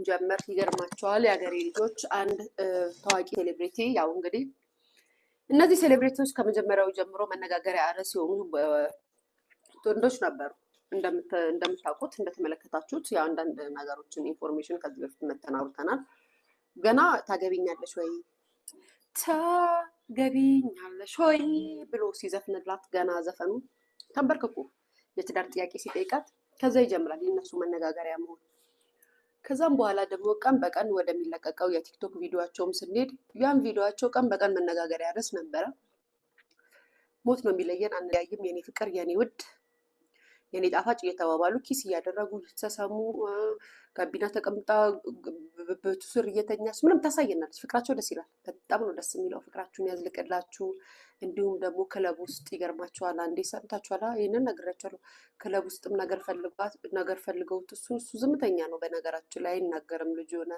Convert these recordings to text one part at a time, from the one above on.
መሆን ጀመር። ይገርማቸዋል የሀገሬ ልጆች። አንድ ታዋቂ ሴሌብሬቲ ያው እንግዲህ እነዚህ ሴሌብሬቲዎች ከመጀመሪያው ጀምሮ መነጋገሪያ ርዕስ የሆኑ ወንዶች ነበሩ። እንደምታውቁት እንደተመለከታችሁት የአንዳንድ ነገሮችን ኢንፎርሜሽን ከዚህ በፊት መተናውርተናል። ገና ታገቢኛለሽ ወይ ታገቢኛለሽ ወይ ብሎ ሲዘፍንላት ገና ዘፈኑ ተንበርክኩ የትዳር ጥያቄ ሲጠይቃት ከዛ ይጀምራል የእነሱ መነጋገሪያ መሆን ከዛም በኋላ ደግሞ ቀን በቀን ወደሚለቀቀው የቲክቶክ ቪዲዮቸውም ስንሄድ ያን ቪዲዮቸው ቀን በቀን መነጋገሪያ ርዕስ ነበረ። ሞት ነው የሚለየን፣ አንለያይም፣ የኔ ፍቅር፣ የኔ ውድ የኔ ጣፋጭ እየተባባሉ ኪስ እያደረጉ ተሰሙ ጋቢና ተቀምጣ በቱስር ስር እየተኛች ምንም ታሳየናለች። ፍቅራቸው ደስ ይላል። በጣም ነው ደስ የሚለው ፍቅራችሁን ያዝልቅላችሁ። እንዲሁም ደግሞ ክለብ ውስጥ ይገርማችኋል። አንዴ ሰምታችኋላ። ይህንን ነግሬያችኋለሁ። ክለብ ውስጥም ነገር ፈልጓት ነገር ፈልገውት እሱ እሱ ዝምተኛ ነው በነገራችን ላይ አይናገርም። ልጅ የሆነ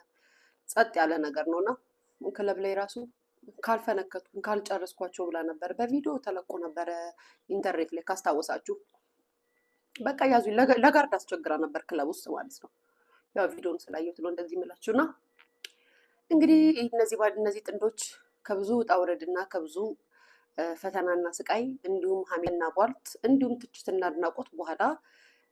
ጸጥ ያለ ነገር ነው እና ክለብ ላይ ራሱ ካልፈነከቱ ካልጨረስኳቸው ብላ ነበር። በቪዲዮ ተለቆ ነበረ ኢንተርኔት ላይ ካስታወሳችሁ በቃ ያዙ ለጋርድ አስቸግራ ነበር ክለብ ውስጥ ማለት ነው። ያው ቪዲዮን ስላየሁት ነው እንደዚህ የምላችሁ እና እንግዲህ እነዚህ እነዚህ ጥንዶች ከብዙ ውጣ ውረድና ከብዙ ፈተናና ስቃይ እንዲሁም ሀሜና ቧልት እንዲሁም ትችትና አድናቆት በኋላ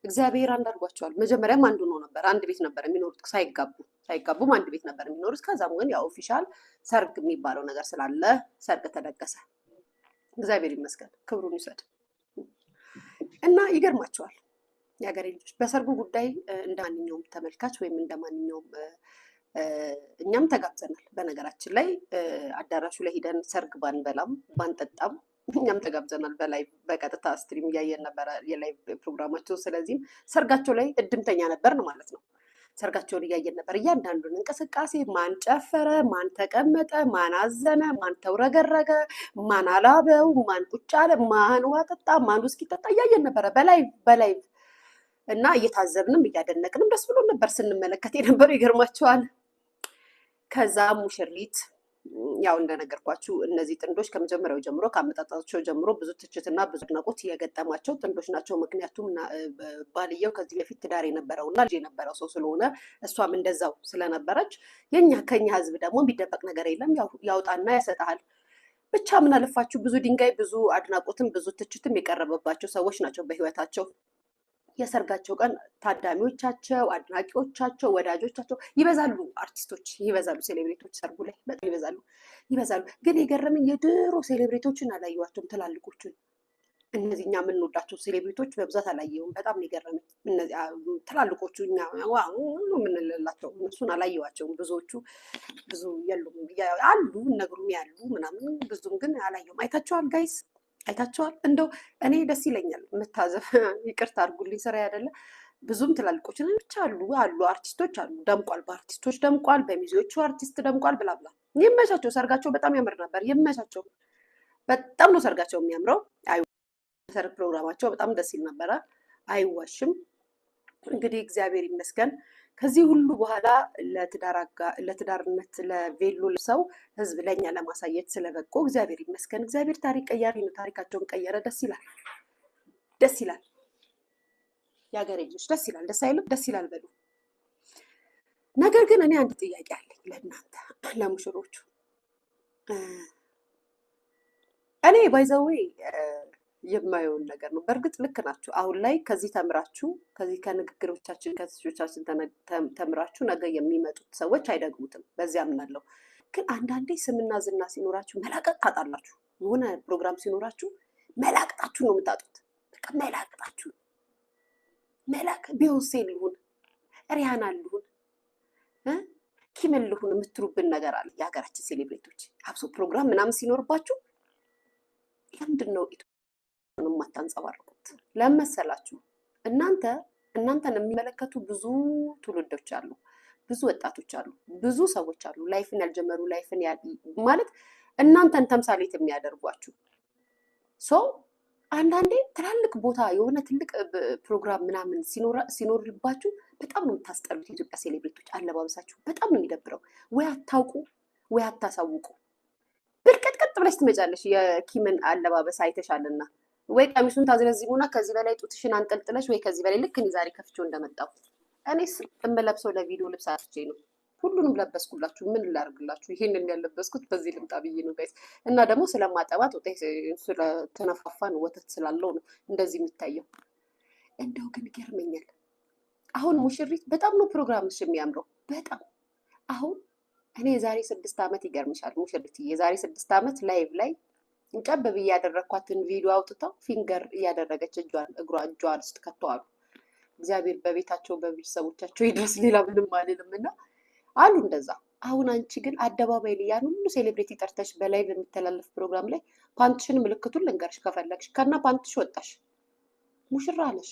እግዚአብሔር አንድ አድርጓቸዋል። መጀመሪያም አንዱ ነው ነበር አንድ ቤት ነበር የሚኖሩት ሳይጋቡ ሳይጋቡም አንድ ቤት ነበር የሚኖሩት። ከዛም ግን ያው ኦፊሻል ሰርግ የሚባለው ነገር ስላለ ሰርግ ተደገሰ። እግዚአብሔር ይመስገን፣ ክብሩን ይውሰድ። እና ይገርማቸዋል የሀገሬ ልጆች በሰርጉ ጉዳይ እንደ ማንኛውም ተመልካች ወይም እንደ ማንኛውም እኛም ተጋብዘናል። በነገራችን ላይ አዳራሹ ላይ ሂደን ሰርግ ባንበላም ባንጠጣም እኛም ተጋብዘናል። በላይ በቀጥታ ስትሪም እያየን ነበረ የላይ ፕሮግራማቸው። ስለዚህም ሰርጋቸው ላይ እድምተኛ ነበርን ማለት ነው። ሰርጋቸውን እያየን ነበር። እያንዳንዱን እንቅስቃሴ ማን ጨፈረ፣ ማን ተቀመጠ፣ ማን አዘነ፣ ማን ተውረገረገ፣ ማን አላበው፣ ማን ቁጭ አለ፣ ማን ውሃ ጠጣ፣ ማን ውስኪ ጠጣ እያየን ነበረ በላይ በላይ እና እየታዘብንም እያደነቅንም ደስ ብሎ ነበር ስንመለከት የነበረው ይገርማቸዋል። ከዛ ሙሽሪት ያው እንደነገርኳችሁ እነዚህ ጥንዶች ከመጀመሪያው ጀምሮ ከአመጣጣቸው ጀምሮ ብዙ ትችትና ብዙ አድናቆት የገጠማቸው ጥንዶች ናቸው። ምክንያቱም ባልየው ከዚህ በፊት ትዳር የነበረውና ልጅ የነበረው ሰው ስለሆነ እሷም እንደዛው ስለነበረች የኛ ከኛ ህዝብ ደግሞ የሚደበቅ ነገር የለም ያውጣና ያሰጣል። ብቻ ምን አለፋችሁ ብዙ ድንጋይ፣ ብዙ አድናቆትም፣ ብዙ ትችትም የቀረበባቸው ሰዎች ናቸው በህይወታቸው የሰርጋቸው ቀን ታዳሚዎቻቸው፣ አድናቂዎቻቸው፣ ወዳጆቻቸው ይበዛሉ። አርቲስቶች ይበዛሉ። ሴሌብሬቶች ሰርጉ ላይ በጣም ይበዛሉ ይበዛሉ። ግን የገረመኝ የድሮ ሴሌብሬቶችን አላየኋቸውም። ትላልቆቹን እነዚህ እኛ የምንወዳቸው ሴሌብሬቶች በብዛት አላየሁም። በጣም የገረመኝ ትላልቆቹ እኛ የምንልላቸው እነሱን አላየኋቸውም። ብዙዎቹ ብዙ የሉም አሉ እነ ያሉ ምናምን ብዙም ግን አላየሁም። አይታቸዋል ጋይስ? አይታቸዋል። እንደው እኔ ደስ ይለኛል የምታዘፍ ይቅርታ አድርጉልኝ፣ ስራ ያደለ ብዙም ትላልቆች ብቻ አሉ አሉ አርቲስቶች አሉ። ደምቋል፣ በአርቲስቶች ደምቋል፣ በሚዜዎቹ አርቲስት ደምቋል። ብላብላ ይመቻቸው። ሰርጋቸው በጣም ያምር ነበር። ይመቻቸው። በጣም ነው ሰርጋቸው የሚያምረው። ሰርግ ፕሮግራማቸው በጣም ደስ ይል ነበረ። አይዋሽም። እንግዲህ እግዚአብሔር ይመስገን። ከዚህ ሁሉ በኋላ ለትዳርነት ለቬሎ ሰው ህዝብ ለእኛ ለማሳየት ስለበቁ እግዚአብሔር ይመስገን። እግዚአብሔር ታሪክ ቀያሪ ነው። ታሪካቸውን ቀየረ። ደስ ይላል፣ ደስ ይላል። የሀገሬ ልጆች ደስ ይላል። ደስ አይልም? ደስ ይላል በሉ። ነገር ግን እኔ አንድ ጥያቄ አለኝ ለእናንተ ለሙሽሮቹ። እኔ ባይዘዌ የማየውን ነገር ነው። በእርግጥ ልክ ናችሁ። አሁን ላይ ከዚህ ተምራችሁ ከዚህ ከንግግሮቻችን ከስቻችን ተምራችሁ ነገ የሚመጡት ሰዎች አይደግሙትም። በዚያ አምናለሁ። ግን አንዳንዴ ስምና ዝና ሲኖራችሁ መላቀቅ ታጣላችሁ። የሆነ ፕሮግራም ሲኖራችሁ መላቅጣችሁ ነው የምታጡት። በቃ መላቅጣችሁ መላቅ ቢዮንሴ ልሁን ሪያና ልሁን ኪም ልሁን የምትሉብን ነገር አለ። የሀገራችን ሴሌብሬቶች አብሶ ፕሮግራም ምናምን ሲኖርባችሁ ለምንድን ነው ነው የማታንጸባርቁት። ለምን መሰላችሁ? እናንተ እናንተን የሚመለከቱ ብዙ ትውልዶች አሉ፣ ብዙ ወጣቶች አሉ፣ ብዙ ሰዎች አሉ፣ ላይፍን ያልጀመሩ ላይፍን ማለት እናንተን ተምሳሌት የሚያደርጓችሁ ሶ አንዳንዴ ትላልቅ ቦታ የሆነ ትልቅ ፕሮግራም ምናምን ሲኖርባችሁ በጣም ነው የምታስጠሉት። የኢትዮጵያ ሴሌብሬቶች አለባበሳችሁ በጣም ነው የሚደብረው። ወይ አታውቁ ወይ አታሳውቁ። ብልቀጥቀጥ ብለሽ ትመጫለሽ። የኪምን አለባበስ አይተሻልና ወይ ቀሚሱን ታዝረዝሙና ከዚህ በላይ ጡትሽን አንጠልጥለሽ ወይ ከዚህ በላይ ልክ እኔ ዛሬ ከፍቼው እንደመጣሁ እኔስ እምለብሰው ለቪዲዮ ልብስ አስቼ ነው። ሁሉንም ለበስኩላችሁ። ምን ላርግላችሁ? ይሄንን ያለበስኩት በዚህ ልምጣ ብዬ ነው ጋይስ። እና ደግሞ ስለማጠባት ስለተነፋፋ ነው ወተት ስላለው ነው እንደዚህ የሚታየው። እንደው ግን ገርመኛል። አሁን ሙሽሪት በጣም ነው ፕሮግራምሽ የሚያምረው። በጣም አሁን እኔ የዛሬ ስድስት ዓመት ይገርምሻል ሙሽሪት የዛሬ ስድስት ዓመት ላይቭ ላይ ጨብብ እያደረግኳትን ቪዲዮ አውጥተው ፊንገር እያደረገች እጇን እግሯ እጇን ከተዋሉ። እግዚአብሔር በቤታቸው በቤተሰቦቻቸው ይድረስ። ሌላ ምንም አልልም እና አሉ እንደዛ። አሁን አንቺ ግን አደባባይ ላይ ያን ሁሉ ሴሌብሬቲ ጠርተሽ በላይ በሚተላለፍ ፕሮግራም ላይ ፓንትሽን ምልክቱን ልንገርሽ ከፈለግሽ ከና ፓንትሽ ወጣሽ ሙሽራ አለሽ።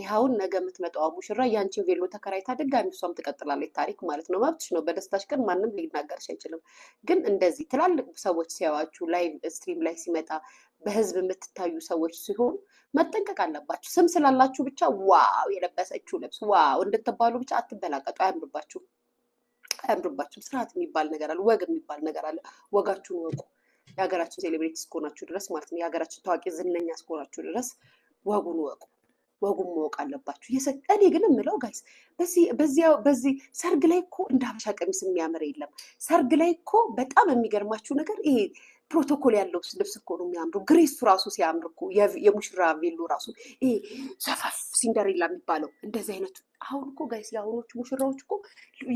ይኸውን ነገ የምትመጣው ሙሽራ ያንቺን ቬሎ ተከራይታ ድጋሚ እሷም ትቀጥላለች። ታሪክ ማለት ነው። መብትሽ ነው። በደስታሽ ቀን ማንም ሊናገርሽ አይችልም። ግን እንደዚህ ትላልቅ ሰዎች ሲያዋችሁ ላይ ስትሪም ላይ ሲመጣ በህዝብ የምትታዩ ሰዎች ሲሆኑ መጠንቀቅ አለባችሁ። ስም ስላላችሁ ብቻ ዋው የለበሰችው ልብስ ዋው እንድትባሉ ብቻ አትበላቀጡ። አያምርባችሁም፣ አያምርባችሁም። ስርዓት የሚባል ነገር አለ። ወግ የሚባል ነገር አለ። ወጋችሁን ወቁ። የሀገራችን ሴሌብሬቲ እስከሆናችሁ ድረስ ማለት ነው። የሀገራችን ታዋቂ ዝነኛ እስከሆናችሁ ድረስ ወጉን ወቁ። ወጉም ማወቅ አለባችሁ። እኔ ግን የምለው ጋይስ በዚህ ሰርግ ላይ እኮ እንደ ሀበሻ ቀሚስ የሚያምር የለም። ሰርግ ላይ እኮ በጣም የሚገርማችሁ ነገር ይሄ ፕሮቶኮል ያለው ልብስ እኮ ነው የሚያምሩ። ግሬሱ ራሱ ሲያምር እኮ የሙሽራ ቬሎ ራሱ ይሄ ሰፋፍ ሲንደሬላ የሚባለው እንደዚህ አይነቱ። አሁን እኮ ጋይስ የአሁኖቹ ሙሽራዎች እኮ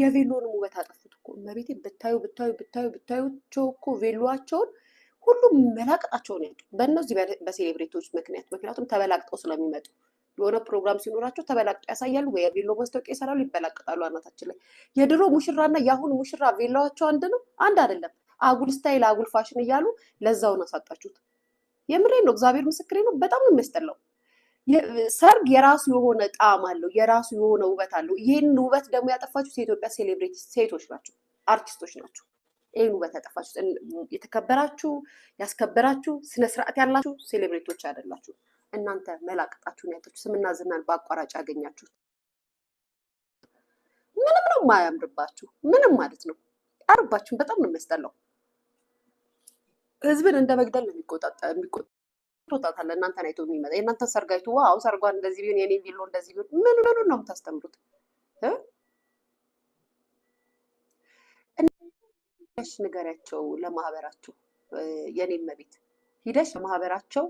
የቬሎንም ውበት አጠፉት እኮ እመቤቴ። ብታዩ ብታዩ ብታዩ ብታዩቸው እኮ ቬሎዋቸውን ሁሉም መላቀጣቸውን ያጡ በእነዚህ በሴሌብሬቶች ምክንያት ምክንያቱም ተበላቅጠው ስለሚመጡ የሆነ ፕሮግራም ሲኖራቸው ተበላቅጦ ያሳያሉ፣ ወይ የቬሎ ማስታወቂያ ይሰራሉ፣ ይበላቅጣሉ አናታችን ላይ። የድሮ ሙሽራና የአሁኑ ሙሽራ ቬላዋቸው አንድ ነው? አንድ አይደለም። አጉል ስታይል፣ አጉል ፋሽን እያሉ ለዛውን አሳጣችሁት። የምሬ ነው፣ እግዚአብሔር ምስክሬ ነው። በጣም ነው የሚያስጠላው። ሰርግ የራሱ የሆነ ጣዕም አለው፣ የራሱ የሆነ ውበት አለው። ይህን ውበት ደግሞ ያጠፋችሁት የኢትዮጵያ ሴሌብሬቲ ሴቶች ናቸው፣ አርቲስቶች ናቸው። ይህን ውበት ያጠፋችሁት የተከበራችሁ ያስከበራችሁ ስነስርዓት ያላችሁ ሴሌብሬቶች አይደላችሁ። እናንተ መላቅጣችሁን ያጣችሁ ስምና ዝናን በአቋራጭ ያገኛችሁ ምንም ነው ማያምርባችሁ። ምንም ማለት ነው አርባችሁን በጣም ነው የሚያስጠላው። ህዝብን እንደ መግደል ነው የሚቆጣጠል። እናንተን አይቶ የሚመጣ የእናንተን ሰርግ አይቶ ዋው ሰርጓን እንደዚህ ቢሆን የኔ ቢሎ እንደዚህ ቢሆን ምን ምኑ ነው የምታስተምሩት? ሽ ንገሪያቸው ለማህበራቸው የኔ መቤት ሂደሽ ለማህበራቸው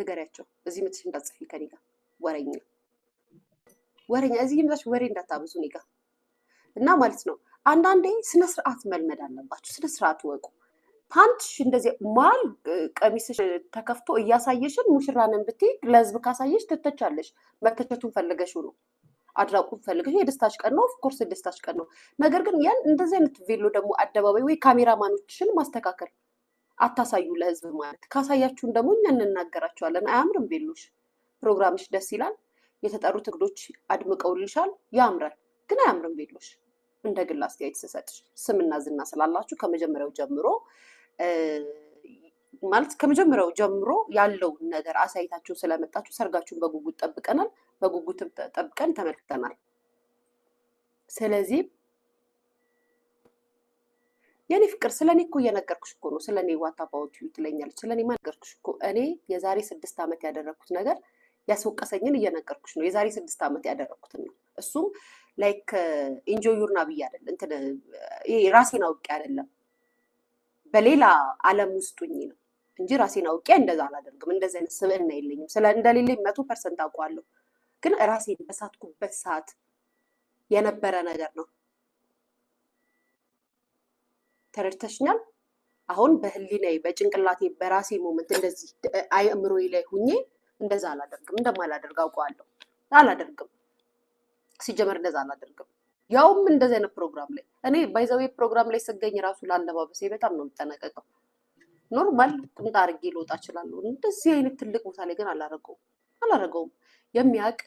ንገሪያቸው። እዚህ ምትሽ እንዳትጽፊ ከኔ ጋር ወረኛ ወረኛ እዚህ ምታች ወሬ እንዳታብዙ እኔ ጋር እና ማለት ነው። አንዳንዴ ስነ ስርዓት መልመድ አለባችሁ። ስነ ስርዓት ወቁ። ፓንትሽ እንደዚህ ማል ቀሚስሽ ተከፍቶ እያሳየሽን ሙሽራንን ብትይ ለህዝብ ካሳየሽ ትተቻለሽ። መተቸቱን ፈልገሽው ነው አድራቁ ፈልገሽ የደስታሽ ቀን ነው። ኦፍኮርስ የደስታሽ ቀን ነው። ነገር ግን ያን እንደዚህ አይነት ቬሎ ደግሞ አደባባይ ወይ ካሜራማኖችሽን ማስተካከል አታሳዩ ለህዝብ ማለት። ካሳያችሁን ደግሞ እኛ እንናገራቸዋለን። አያምርም? ቤሎሽ ፕሮግራምሽ ደስ ይላል። የተጠሩት እንግዶች አድምቀውልሻል፣ ያምራል። ግን አያምርም? ቤሎሽ እንደ ግል አስተያየት ስሰጥሽ ስምና ዝና ስላላችሁ ከመጀመሪያው ጀምሮ ማለት ከመጀመሪያው ጀምሮ ያለውን ነገር አሳይታችሁ ስለመጣችሁ ሰርጋችሁን በጉጉት ጠብቀናል፣ በጉጉት ጠብቀን ተመልክተናል። ስለዚህ የኔ ፍቅር ስለኔ እኮ እየነገርኩሽ እኮ ነው። ስለኔ ዋታ ዋት አባውት ዩ ትለኛለች። ስለ እኔ ነገርኩሽ እኮ እኔ የዛሬ ስድስት ዓመት ያደረግኩት ነገር ያስወቀሰኝን እየነገርኩሽ ነው። የዛሬ ስድስት ዓመት ያደረግኩትን ነው። እሱም ላይክ ኢንጆዩርና ብዬ አይደለም እንትን ራሴን አውቄ አይደለም በሌላ ዓለም ውስጡኝ ነው እንጂ ራሴን አውቄ እንደዛ አላደርግም። እንደዚህ አይነት ስብዕና የለኝም። ስለ እንደሌለኝ መቶ ፐርሰንት አውቀዋለሁ። ግን ራሴን በሳትኩበት ሰዓት የነበረ ነገር ነው። ተረድተሽኛል። አሁን በህሊናዬ በጭንቅላቴ በራሴ ሞመንት እንደዚህ አእምሮዬ ላይ ሁኜ እንደዛ አላደርግም፣ እንደማላደርግ አውቀዋለሁ። አላደርግም፣ ሲጀመር እንደዛ አላደርግም። ያውም እንደዚህ አይነት ፕሮግራም ላይ እኔ ባይዘዌ ፕሮግራም ላይ ስገኝ ራሱ ለአለባበሴ በጣም ነው የምጠነቀቀው። ኖርማል ቁምጣ አድርጌ ልወጣ እችላለሁ። እንደዚህ አይነት ትልቅ ቦታ ላይ ግን አላረገውም አላረገውም። የሚያውቅ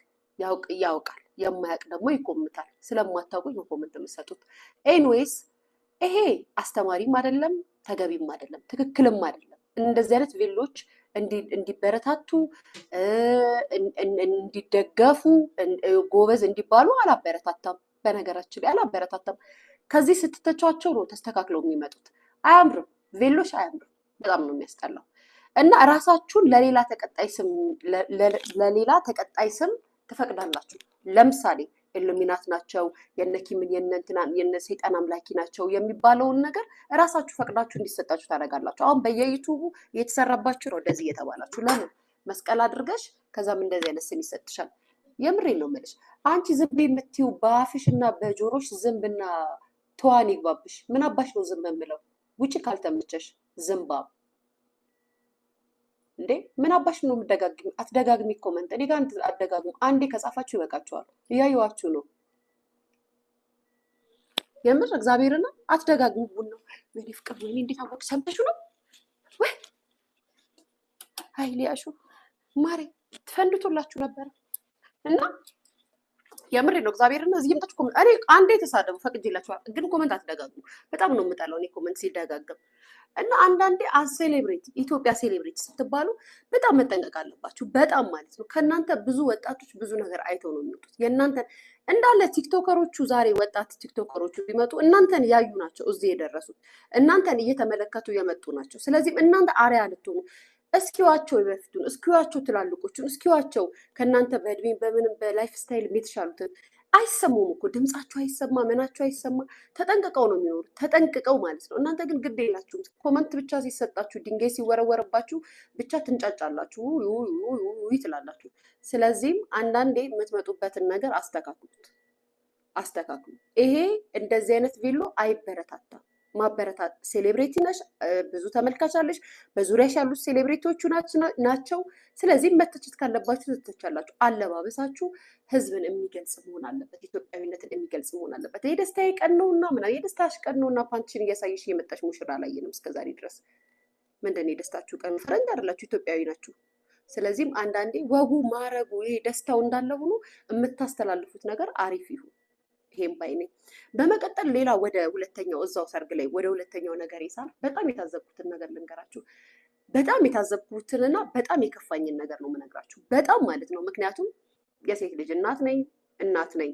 ያውቃል፣ የማያውቅ ደግሞ ይቆምታል ስለማታውቁኝ ነው ኮመንት የምትሰጡት። ኤኒዌይስ ይሄ አስተማሪም አይደለም፣ ተገቢም አይደለም፣ ትክክልም አይደለም። እንደዚህ አይነት ቬሎች እንዲበረታቱ እንዲደገፉ ጎበዝ እንዲባሉ አላበረታታም። በነገራችን ላይ አላበረታታም። ከዚህ ስትተቿቸው ነው ተስተካክለው የሚመጡት። አያምርም፣ ቬሎች አያምርም። በጣም ነው የሚያስጠላው። እና ራሳችሁን ለሌላ ተቀጣይ ስም ለሌላ ተቀጣይ ስም ትፈቅዳላችሁ። ለምሳሌ ኢሉሚናት ናቸው፣ የነኪምን የነ የነሰይጣን አምላኪ ናቸው የሚባለውን ነገር እራሳችሁ ፈቅዳችሁ እንዲሰጣችሁ ታደርጋላችሁ። አሁን በየዩቱቡ እየተሰራባችሁ ነው እንደዚህ እየተባላችሁ። ለምን መስቀል አድርገሽ ከዛም እንደዚህ አይነት ስም ይሰጥሻል። የምሬ ነው የምልሽ። አንቺ ዝንብ የምትይው በአፍሽ እና በጆሮሽ ዝንብና ተዋን ይግባብሽ። ምን አባሽ ነው ዝንብ የምለው? ውጭ ካልተመቸሽ ዝንባብ እንዴ ምን አባሽ ነው የምደጋግሚ? አትደጋግሚ ኮመንት እኔ ጋር አትደጋግሙ። አንዴ ከጻፋችሁ ይበቃችኋል። እያየዋችሁ ነው የምር እግዚአብሔርና አትደጋግሙ። ቡን ነው ወይኔ ፍቅር እንዴት አወቅ? ሰምተሽው ነው ወይ? አይ ሊያሹ ማሬ ትፈንድቶላችሁ ነበረ እና የምሬ ነው እግዚአብሔር እዚህ የምታችሁ ኮመንት እኔ አንዴ የተሳደቡ ፈቅጄላችኋል፣ ግን ኮመንት አትደጋግሙ። በጣም ነው የምጠላው እኔ ኮመንት ሲደጋግም እና አንዳንዴ አሴሌብሬት ኢትዮጵያ ሴሌብሬት ስትባሉ በጣም መጠንቀቅ አለባችሁ። በጣም ማለት ነው። ከእናንተ ብዙ ወጣቶች ብዙ ነገር አይተው ነው የሚወጡት። የእናንተን እንዳለ ቲክቶከሮቹ ዛሬ ወጣት ቲክቶከሮቹ ቢመጡ እናንተን ያዩ ናቸው እዚህ የደረሱት፣ እናንተን እየተመለከቱ የመጡ ናቸው። ስለዚህም እናንተ አሪያ ልትሆኑ እስኪዋቸው የበፊቱን እስኪዋቸው ትላልቆቹን እስኪዋቸው ከእናንተ በእድሜ በምንም በላይፍ ስታይል የተሻሉትን አይሰሙም እኮ ድምጻቸው አይሰማ፣ ምናቸው አይሰማ። ተጠንቅቀው ነው የሚኖሩት፣ ተጠንቅቀው ማለት ነው። እናንተ ግን ግድ የላችሁም። ኮመንት ብቻ ሲሰጣችሁ፣ ድንጋይ ሲወረወረባችሁ ብቻ ትንጫጫላችሁ፣ ውይ ትላላችሁ። ስለዚህም አንዳንዴ የምትመጡበትን ነገር አስተካክሉት፣ አስተካክሉ። ይሄ እንደዚህ አይነት ቪሎ አይበረታታም። ማበረታት ሴሌብሬቲ ነሽ፣ ብዙ ተመልካች አለሽ፣ በዙሪያሽ ያሉት ሴሌብሬቲዎቹ ናቸው። ስለዚህ መተቸት ካለባችሁ ትተቻላችሁ። አለባበሳችሁ ህዝብን የሚገልጽ መሆን አለበት፣ ኢትዮጵያዊነትን የሚገልጽ መሆን አለበት። የደስታ ቀን ነውና ምናምን የደስታሽ ቀን ነውና ፓንትሽን እያሳየሽ እየመጣሽ ሙሽራ አላየንም እስከዛሬ ድረስ። ምንድን ነው የደስታችሁ ቀን? ፈረንጅ አይደላችሁ ኢትዮጵያዊ ናችሁ። ስለዚህም አንዳንዴ ወጉ ማረጉ ይሄ ደስታው እንዳለ ሆኖ የምታስተላልፉት ነገር አሪፍ ይሁን። ይሄም ባይ ነኝ። በመቀጠል ሌላ ወደ ሁለተኛው እዛው ሰርግ ላይ ወደ ሁለተኛው ነገር ይሳል በጣም የታዘብኩትን ነገር ልንገራችሁ። በጣም የታዘብኩትንና በጣም የከፋኝን ነገር ነው የምነግራችሁ። በጣም ማለት ነው። ምክንያቱም የሴት ልጅ እናት ነኝ እናት ነኝ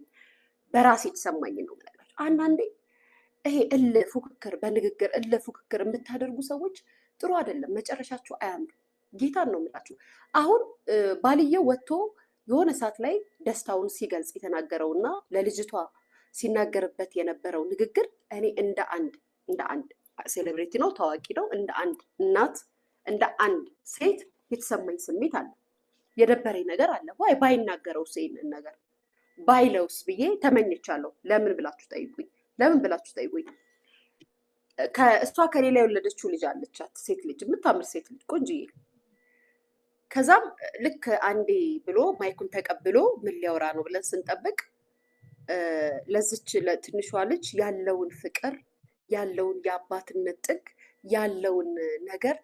በራሴ የተሰማኝ ነው የምነግራችሁ። አንዳንዴ ይሄ እለ ፉክክር፣ በንግግር እለ ፉክክር የምታደርጉ ሰዎች ጥሩ አይደለም። መጨረሻችሁ አያምርም። ጌታን ነው የምላችሁ። አሁን ባልየው ወጥቶ የሆነ ሰዓት ላይ ደስታውን ሲገልጽ የተናገረውና ለልጅቷ ሲናገርበት የነበረው ንግግር እኔ እንደ አንድ እንደ አንድ ሴሌብሬቲ ነው ታዋቂ ነው፣ እንደ አንድ እናት እንደ አንድ ሴት የተሰማኝ ስሜት አለ። የደበረኝ ነገር አለ። ዋይ ባይናገረውስ ይህንን ነገር ባይለውስ ብዬ ተመኝቻለሁ። ለምን ብላችሁ ጠይቁኝ። ለምን ብላችሁ ጠይቁኝ። እሷ ከሌላ የወለደችው ልጅ አለቻት፣ ሴት ልጅ፣ የምታምር ሴት ልጅ ቆንጅዬ። ከዛም ልክ አንዴ ብሎ ማይኩን ተቀብሎ ምን ሊያወራ ነው ብለን ስንጠብቅ ለዚች ለትንሿ ልጅ ያለውን ፍቅር ያለውን የአባትነት ጥግ ያለውን ነገር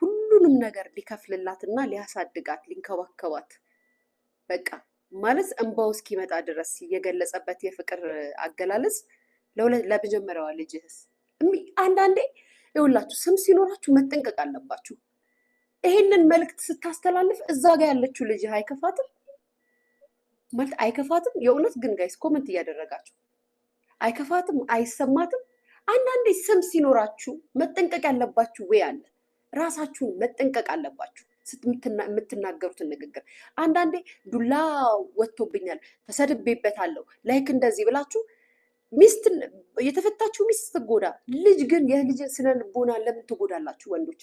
ሁሉንም ነገር ሊከፍልላትና ሊያሳድጋት ሊንከባከባት በቃ ማለት እንባው እስኪመጣ ድረስ የገለጸበት የፍቅር አገላለጽ ለመጀመሪያዋ ልጅህስ አንዳንዴ ይኸውላችሁ ስም ሲኖራችሁ መጠንቀቅ አለባችሁ። ይሄንን መልእክት ስታስተላልፍ እዛ ጋር ያለችው ልጅህ አይከፋትም? ማለት አይከፋትም። የእውነት ግን ጋይስ ኮመንት እያደረጋችሁ አይከፋትም፣ አይሰማትም። አንዳንዴ ስም ሲኖራችሁ መጠንቀቅ ያለባችሁ ወይ አለ። ራሳችሁን መጠንቀቅ አለባችሁ የምትናገሩትን ንግግር። አንዳንዴ ዱላ ወጥቶብኛል፣ ተሰድቤበታለሁ፣ ላይክ እንደዚህ ብላችሁ ሚስት የተፈታችሁ ሚስት ትጎዳ፣ ልጅ ግን የልጅ ስነ ልቦና ለምን ትጎዳላችሁ? ወንዶች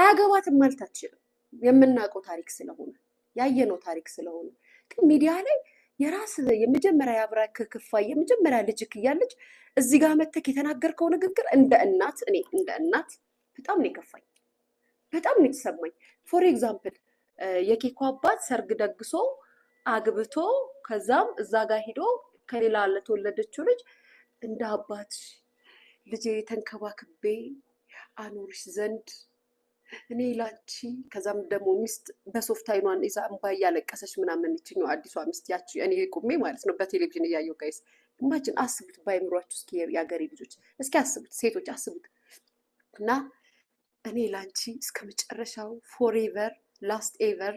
አያገባትም ማለት አትችልም። የምናውቀው ታሪክ ስለሆነ ያየነው ታሪክ ስለሆነ ግን ሚዲያ ላይ የራስ የመጀመሪያ የአብራክ ክፋይ የመጀመሪያ ልጅ እያለች እዚህ ጋር መተክ የተናገርከው ንግግር እንደ እናት እኔ እንደ እናት በጣም ነው የከፋኝ፣ በጣም ነው የተሰማኝ። ፎር ኤግዛምፕል የኬኮ አባት ሰርግ ደግሶ አግብቶ ከዛም እዛ ጋር ሂዶ ከሌላ ለተወለደችው ልጅ እንደ አባት ልጄ ተንከባክቤ አኖርሽ ዘንድ እኔ ላንቺ ከዛም ደግሞ ሚስት በሶፍት አይኗን ይዛ እምባ እያለቀሰች ምናምን ይችኝ ነው አዲሷ ሚስት ያች እኔ ቁሜ ማለት ነው በቴሌቪዥን እያየው ጋይስ እማችን አስቡት፣ ባይምሯችሁ እስኪ የአገሬ ልጆች እስኪ አስቡት፣ ሴቶች አስቡት። እና እኔ ላንቺ እስከ መጨረሻው ፎሬቨር ላስት ኤቨር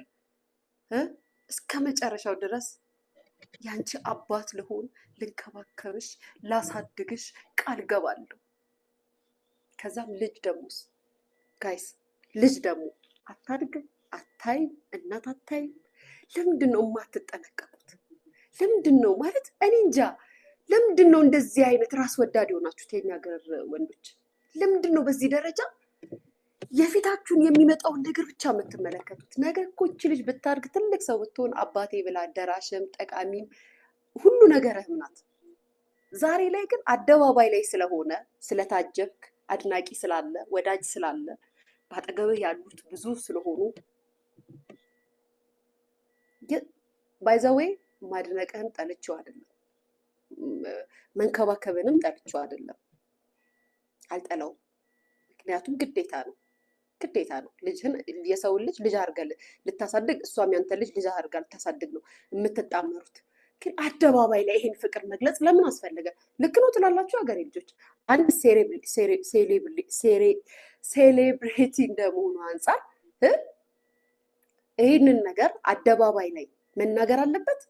እስከ መጨረሻው ድረስ ያንቺ አባት ልሆን ልንከባከብሽ፣ ላሳድግሽ ቃል ገባለሁ። ከዛም ልጅ ደግሞስ ጋይስ ልጅ ደግሞ አታድግም፣ አታይም፣ እናት አታይም። ለምንድን ነው የማትጠነቀቁት? ለምንድን ነው ማለት እኔ እንጃ። ለምንድን ነው እንደዚህ አይነት ራስ ወዳድ የሆናችሁት የሚያገር ወንዶች? ለምንድን ነው በዚህ ደረጃ የፊታችሁን የሚመጣውን ነገር ብቻ የምትመለከቱት? ነገ እኮ ይቺ ልጅ ብታድግ ትልቅ ሰው ብትሆን አባቴ ብላ አዳራሽም ጠቃሚም ሁሉ ነገርህም ናት። ዛሬ ላይ ግን አደባባይ ላይ ስለሆነ ስለታጀብክ አድናቂ ስላለ ወዳጅ ስላለ በአጠገብህ ያሉት ብዙ ስለሆኑ ባይዘዌ ማድነቅህን ጠልቼው አይደለም፣ መንከባከብንም ጠልቼው አይደለም። አልጠላውም፣ ምክንያቱም ግዴታ ነው ግዴታ ነው። ልጅህን የሰውን ልጅ ልጅ አድርገህ ልታሳድግ እሷም ያንተ ልጅ ልጅ አድርጋ ልታሳድግ ነው የምትጣመሩት። ግን አደባባይ ላይ ይሄን ፍቅር መግለጽ ለምን አስፈለገ? ልክ ነው ትላላችሁ? ሀገሬ ልጆች አንድ ሴሌብሬቲ እንደመሆኑ አንጻር ይህንን ነገር አደባባይ ላይ መናገር አለበት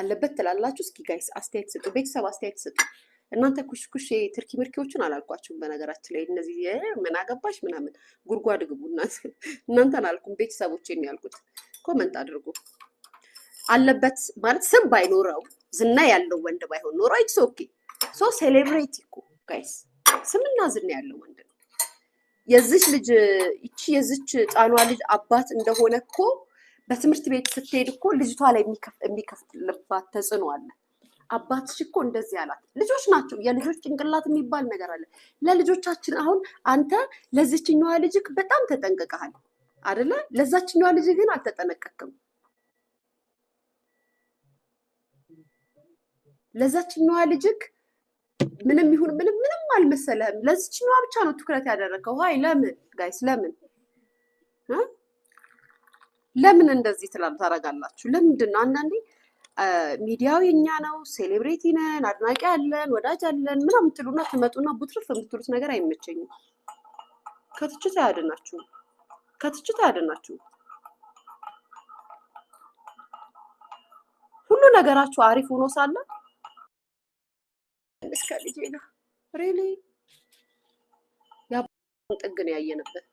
አለበት ትላላችሁ? እስኪ ጋይስ አስተያየት ስጡ፣ ቤተሰብ አስተያየት ስጡ። እናንተ ኩሽኩሽ የትርኪ ምርኪዎችን አላልኳችሁም። በነገራችን ላይ እነዚህ ምን አገባሽ ምናምን ጉድጓድ ግቡ እናንተን አልኩም፣ ቤተሰቦች ያልኩት። ኮመንት አድርጉ። አለበት ማለት ስም ባይኖረው ዝና ያለው ወንድ ባይሆን ኖሮ ኢትስ ኦኬ ሶ ሴሌብሬት እኮ ጋይስ ስምና ዝና ያለው ወንድ ነው። የዚች ልጅ ይቺ የዚች ጣኗ ልጅ አባት እንደሆነ እኮ በትምህርት ቤት ስትሄድ እኮ ልጅቷ ላይ የሚከፍትልባት ተጽዕኖ አለ። አባትሽ እኮ እንደዚህ አላት። ልጆች ናቸው። የልጆች ጭንቅላት የሚባል ነገር አለ። ለልጆቻችን አሁን አንተ ለዚችኛዋ ልጅ በጣም ተጠንቅቀሃል አደለ? ለዛችኛዋ ልጅ ግን አልተጠነቀቅም። ለዛችኛዋ ልጅክ ምንም ይሁን ምንም ምንም አልመሰለህም። ለዚችኛዋ ብቻ ነው ትኩረት ያደረገው ሀይ ለምን ጋይስ ለምን ለምን እንደዚህ ትላል ታደርጋላችሁ? ለምንድን ነው አንዳንዴ ሚዲያው የኛ ነው፣ ሴሌብሬቲ ነን፣ አድናቂ አለን፣ ወዳጅ አለን ምናምን የምትሉና ትመጡና ቡትርፍ የምትሉት ነገር አይመቸኝም። ከትችት አያደናችሁ? ከትችት አያድናችሁም። ሁሉ ነገራችሁ አሪፍ ሆኖ ሳለ ከልጅ ከልጅ ነው ሪሊ ጥግን ያየንበት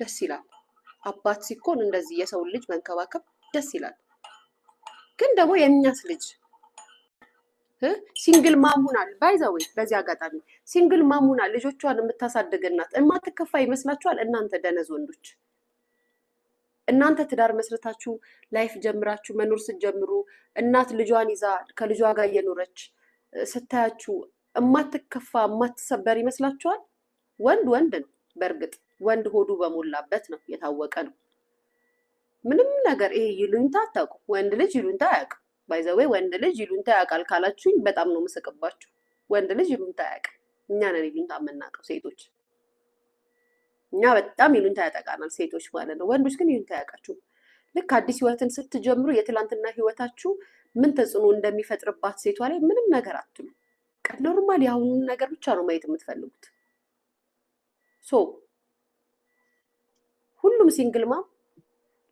ደስ ይላል። አባት ሲኮን እንደዚህ የሰውን ልጅ መንከባከብ ደስ ይላል። ግን ደግሞ የእኛስ ልጅ ሲንግል ማሙናል ባይዘወይ በዚህ አጋጣሚ ሲንግል ማሙና ልጆቿን የምታሳድግ እናት የማትከፋ ይመስላችኋል? እናንተ ደነዝ ወንዶች እናንተ ትዳር መስረታችሁ ላይፍ ጀምራችሁ መኖር ስትጀምሩ እናት ልጇን ይዛ ከልጇ ጋር እየኖረች ስታያችሁ እማትከፋ እማትሰበር ይመስላችኋል? ወንድ ወንድ ነው። በእርግጥ ወንድ ሆዱ በሞላበት ነው፣ የታወቀ ነው። ምንም ነገር ይሄ ይሉኝታ አታውቁም። ወንድ ልጅ ይሉኝታ አያውቅም። ባይዘዌ ወንድ ልጅ ይሉኝታ ያውቃል ካላችሁኝ በጣም ነው ምስቅባችሁ። ወንድ ልጅ ይሉኝታ አያውቅም። እኛ ነን ይሉኝታ የምናውቀው ሴቶች። እኛ በጣም ይሉኝታ ያጠቃናል ሴቶች ማለት ነው። ወንዶች ግን ይሉኝታ አያውቃችሁም። ልክ አዲስ ህይወትን ስትጀምሩ የትላንትና ህይወታችሁ ምን ተጽዕኖ እንደሚፈጥርባት ሴቷ ላይ ምንም ነገር አትሉ። ኖርማል የአሁኑ ነገር ብቻ ነው ማየት የምትፈልጉት። ሶ ሁሉም ሲንግል ማም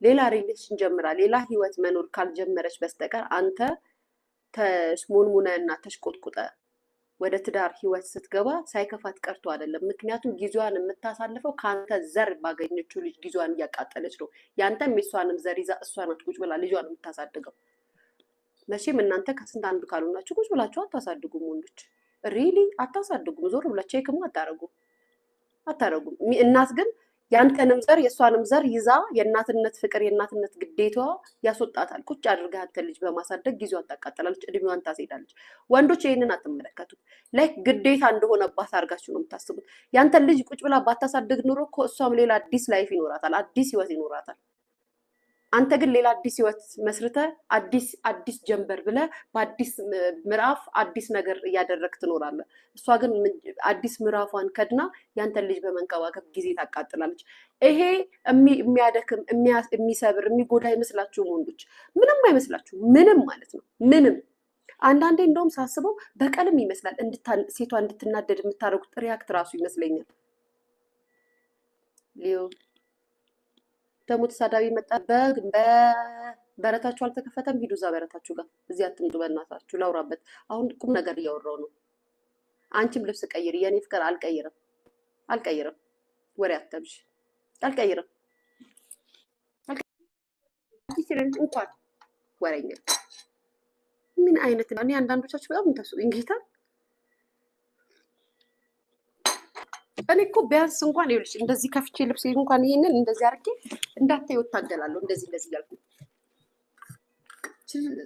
ሌላ ሪሌሽን ጀምራ ሌላ ህይወት መኖር ካልጀመረች በስተቀር አንተ ተሽሞንሙነ እና ተሽቆጥቁጠ ወደ ትዳር ህይወት ስትገባ ሳይከፋት ቀርቶ አይደለም። ምክንያቱም ጊዜዋን የምታሳልፈው ከአንተ ዘር ባገኘችው ልጅ ጊዜዋን እያቃጠለች ነው። ያንተም የሷንም ዘር ይዛ እሷ ናት ቁጭ ብላ ልጇን የምታሳድገው። መቼም እናንተ ከስንት አንዱ ካልሆናችሁ ቁጭ ብላችሁ አታሳድጉም። ወንዶች ሪሊ አታሳድጉም። ዞር ብላችሁ ቼክም አታረጉ አታረጉም። እናት ግን ያንተንም ዘር የእሷንም ዘር ይዛ የእናትነት ፍቅር የእናትነት ግዴታዋ ያስወጣታል። ቁጭ አድርጋ አንተን ልጅ በማሳደግ ጊዜዋን ታቃጠላለች፣ እድሜዋን ታስሄዳለች። ወንዶች ይህንን አትመለከቱት። ላይክ ግዴታ እንደሆነባት አድርጋችሁ ነው የምታስቡት። ያንተን ልጅ ቁጭ ብላ ባታሳድግ ኑሮ እኮ እሷም ሌላ አዲስ ላይፍ ይኖራታል፣ አዲስ ህይወት ይኖራታል። አንተ ግን ሌላ አዲስ ህይወት መስርተ አዲስ አዲስ ጀንበር ብለ በአዲስ ምዕራፍ አዲስ ነገር እያደረግ ትኖራለ። እሷ ግን አዲስ ምዕራፏን ከድና ያንተን ልጅ በመንከባከብ ጊዜ ታቃጥላለች። ይሄ የሚያደክም የሚሰብር የሚጎዳ አይመስላችሁም? ወንዶች ምንም አይመስላችሁ ምንም ማለት ነው ምንም አንዳንዴ እንደውም ሳስበው በቀልም ይመስላል ሴቷ እንድትናደድ የምታደርጉት ሪያክት ራሱ ይመስለኛል። ደግሞ ተሳዳቢ መጣ። በበረታችሁ አልተከፈተም፣ ሂዱ እዛ በረታችሁ ጋር እዚህ አትምጡ። በእናታችሁ ላውራበት። አሁን ቁም ነገር እያወራው ነው። አንቺም ልብስ ቀይር። የእኔ ፍቅር አልቀይርም፣ አልቀይርም። ወሬ አተብሽ አልቀይርም። እንኳን ወሬኛ ምን አይነት ነው? እኔ አንዳንዶቻችሁ በጣም እንታሱ እንጌታል እኔ እኮ ቢያንስ እንኳን ይኸውልሽ እንደዚህ ከፍቼ ልብስ እንኳን ይሄንን እንደዚህ አድርጌ እንዳታየው እታገላለሁ። እንደዚህ እንደዚህ እያልኩ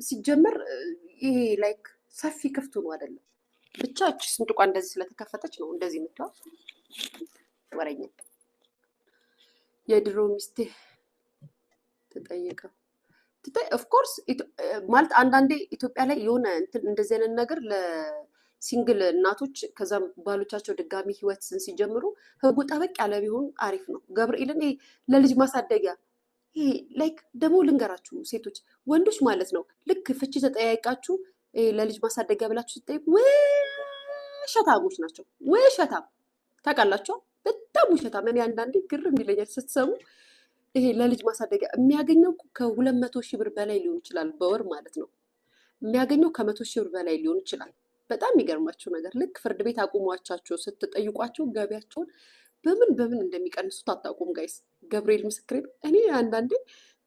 ሲጀመር ይሄ ላይክ ሰፊ ክፍቱ ነው አይደለም። ብቻ እቺ ስንጥቋ እንደዚህ ስለተከፈተች ነው እንደዚህ የምትዋል። ወረኛ የድሮ ሚስቴ ተጠየቀው ኦፍኮርስ ማለት አንዳንዴ ኢትዮጵያ ላይ የሆነ እንትን እንደዚህ አይነት ነገር ለ ሲንግል እናቶች ከዛም ባሎቻቸው ድጋሚ ህይወት ሲጀምሩ ህጉ ጠበቅ ያለ ቢሆን አሪፍ ነው። ገብርኤልን ለልጅ ማሳደጊያ ይሄ ላይክ ደግሞ ልንገራችሁ ሴቶች ወንዶች ማለት ነው ልክ ፍቺ ተጠያይቃችሁ ለልጅ ማሳደጊያ ብላችሁ ስጠይቁ ውሸታሞች ናቸው። ውሸታም ታውቃላችሁ፣ በጣም ውሸታም። እኔ አንዳንዴ ግር ይለኛል ስትሰሙ። ይሄ ለልጅ ማሳደጊያ የሚያገኘው ከሁለት መቶ ሺህ ብር በላይ ሊሆን ይችላል በወር ማለት ነው። የሚያገኘው ከመቶ ሺህ ብር በላይ ሊሆን ይችላል። በጣም የሚገርማቸው ነገር ልክ ፍርድ ቤት አቁሟቻቸው ስትጠይቋቸው ገቢያቸውን በምን በምን እንደሚቀንሱት አታውቁም ጋይስ። ገብርኤል ምስክሬ እኔ አንዳንዴ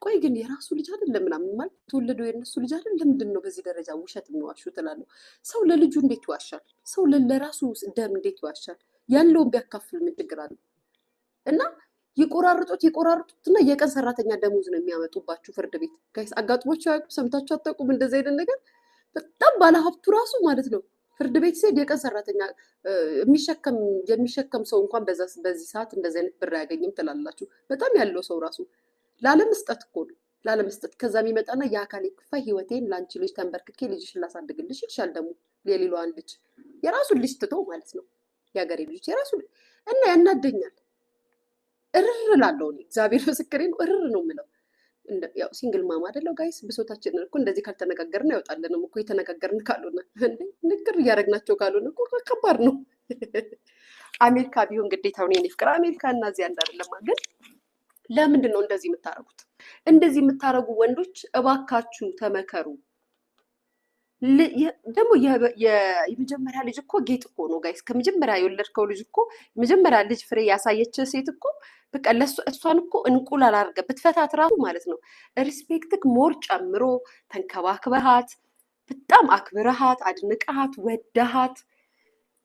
ቆይ ግን የራሱ ልጅ አይደለም ምናምን ማለት የተወለደው የነሱ ልጅ አይደለም፣ ለምንድን ነው በዚህ ደረጃ ውሸት የሚዋሹ ትላለሁ። ሰው ለልጁ እንዴት ይዋሻል? ሰው ለራሱ ደም እንዴት ይዋሻል? ያለውን ቢያካፍል ምን ችግር አለ? እና የቆራረጡት የቆራርጡት እና የቀን ሰራተኛ ደሞዝ ነው የሚያመጡባችሁ ፍርድ ቤት ጋይስ። አጋጥሞች ያውቁ ሰምታችሁ አታውቁም እንደዚህ አይነት ነገር በጣም ባለሀብቱ ራሱ ማለት ነው ፍርድ ቤት ሲሄድ የቀን ሰራተኛ የሚሸከም ሰው እንኳን በዚህ ሰዓት እንደዚህ አይነት ብር አያገኝም ትላላችሁ። በጣም ያለው ሰው ራሱ ላለመስጠት እኮ ነው ላለመስጠት። ከዛ የሚመጣና የአካሌ ክፋይ ህይወቴን ለአንቺ ልጅ ተንበርክኬ ልጅሽን ላሳድግልሽ ይልሻል። ደግሞ የሌላዋን ልጅ የራሱን ልጅ ትቶ ማለት ነው የሀገሬ ልጆች የራሱ እና ያናደኛል። እርር ላለው እግዚአብሔር ምስክሬ ነው። እርር ነው የምለው ያው ሲንግል ማም አደለው ጋይስ፣ ብሶታችንን እኮ እንደዚህ ካልተነጋገርን ያውጣለን እኮ የተነጋገርን ካልሆነ ንግር እያደረግናቸው ካልሆነ እኮ ከባድ ነው። አሜሪካ ቢሆን ግዴታ ሁኔ ፍቅር አሜሪካ እና እዚህ አንድ አይደለም። ግን ለምንድን ነው እንደዚህ የምታደርጉት? እንደዚህ የምታደርጉ ወንዶች እባካችሁ ተመከሩ። ደግሞ የመጀመሪያ ልጅ እኮ ጌጥ እኮ ነው ጋይስ። ከመጀመሪያ የወለድከው ልጅ እኮ የመጀመሪያ ልጅ ፍሬ ያሳየች ሴት እኮ በቃ ለሱ እሷን እኮ እንቁላል አድርገህ ብትፈታት ራሱ ማለት ነው ሪስፔክትክ ሞር ጨምሮ ተንከባክበሃት፣ በጣም አክብረሃት፣ አድንቀሃት፣ ወደሃት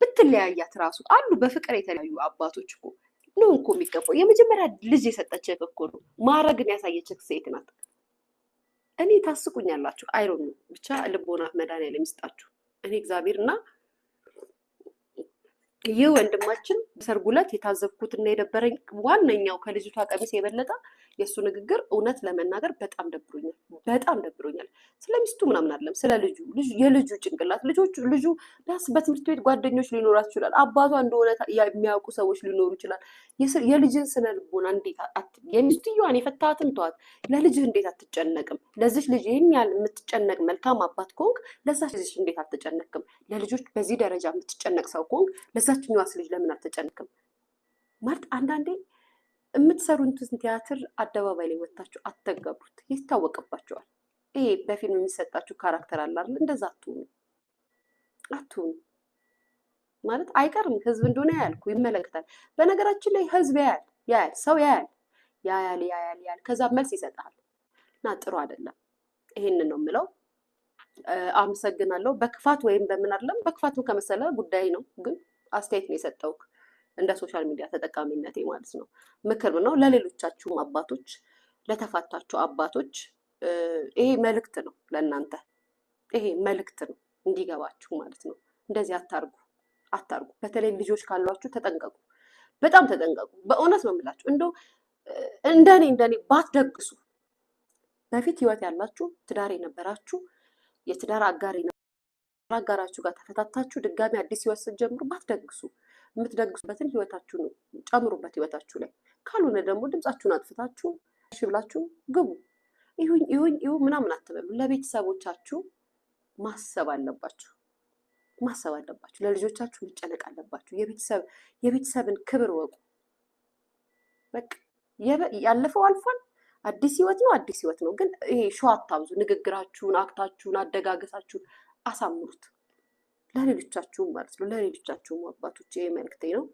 ብትለያያት ራሱ አሉ በፍቅር የተለያዩ አባቶች እኮ ነው እኮ የሚገባው። የመጀመሪያ ልጅ የሰጠችህ እኮ ነው ማረግን ያሳየችህ ሴት ናት። እኔ ታስቁኛላችሁ። አይሮ ብቻ ልቦና መድኃኒዓለም ይስጣችሁ። እኔ እግዚአብሔር እና ይህ ወንድማችን ሰርጉ ዕለት የታዘብኩትና የደበረኝ ዋነኛው ከልጅቷ ቀሚስ የበለጠ የእሱ ንግግር እውነት ለመናገር በጣም ደብሮኛል፣ በጣም ደብሮኛል። ስለ ሚስቱ ምናምን አይደለም፣ ስለ ልጁ የልጁ ጭንቅላት ልጆቹ ልጁ ቢያንስ በትምህርት ቤት ጓደኞች ሊኖራት ይችላል፣ አባቷ እንደሆነ የሚያውቁ ሰዎች ሊኖሩ ይችላል። የልጅን ስነ ልቦና እንዴት የሚስትየዋን የፈታትን ተዋት፣ ለልጅህ እንዴት አትጨነቅም? ለዚች ልጅ ይህን ያህል የምትጨነቅ መልካም አባት ከሆንክ ለዛች ልጅ እንዴት አትጨነቅም? ለልጆች በዚህ ደረጃ የምትጨነቅ ሰው ከሆንክ ለዛችኛዋስ ልጅ ለምን አልተጨነቅም? ማለት አንዳንዴ የምትሰሩትን ቲያትር አደባባይ ላይ ወጥታችሁ አተገብሩት፣ ይታወቅባቸዋል። ይሄ በፊልም የሚሰጣችሁ ካራክተር አለ አይደል? እንደዛ አትሆኑ አትሆኑ ማለት አይቀርም። ህዝብ እንደሆነ ያልኩ ይመለከታል። በነገራችን ላይ ህዝብ ያያል ያያል ሰው ያያል ያያል ያያል ያያል፣ ከዛ መልስ ይሰጣል እና ጥሩ አይደለም። ይሄንን ነው የምለው። አመሰግናለሁ። በክፋት ወይም በምን አይደለም፣ በክፋቱ ከመሰለ ጉዳይ ነው፣ ግን አስተያየት ነው የሰጠውክ እንደ ሶሻል ሚዲያ ተጠቃሚነቴ ማለት ነው። ምክር ነው ለሌሎቻችሁም አባቶች፣ ለተፋታችሁ አባቶች ይሄ መልእክት ነው። ለእናንተ ይሄ መልእክት ነው እንዲገባችሁ ማለት ነው። እንደዚህ አታርጉ አታርጉ። በተለይ ልጆች ካሏችሁ ተጠንቀቁ፣ በጣም ተጠንቀቁ። በእውነት ነው የምላችሁ። እንደው እንደኔ እንደኔ ባትደግሱ በፊት ህይወት ያላችሁ ትዳር የነበራችሁ የትዳር አጋር አጋራችሁ ጋር ተፈታታችሁ ድጋሚ አዲስ ህይወት ስትጀምሩ ባትደግሱ የምትደግሱበትን ህይወታችሁ ነው ጨምሩበት፣ ህይወታችሁ ላይ ካልሆነ ደግሞ ድምፃችሁን አጥፍታችሁ እሺ ብላችሁ ግቡ። ይሁን ይሁን ይሁን ምናምን አትበሉ። ለቤተሰቦቻችሁ ማሰብ አለባችሁ ማሰብ አለባችሁ። ለልጆቻችሁ መጨነቅ አለባችሁ። የቤተሰብ የቤተሰብን ክብር ወቁ። በቃ ያለፈው አልፏል። አዲስ ህይወት ነው፣ አዲስ ህይወት ነው። ግን ይሄ ሸዋ አታብዙ። ንግግራችሁን፣ አክታችሁን፣ አደጋገሳችሁን አሳምሩት። ለሌሎቻችሁም ማለት ነው ለሌሎቻችሁም አባቶች ይሄ መልእክቴ ነው።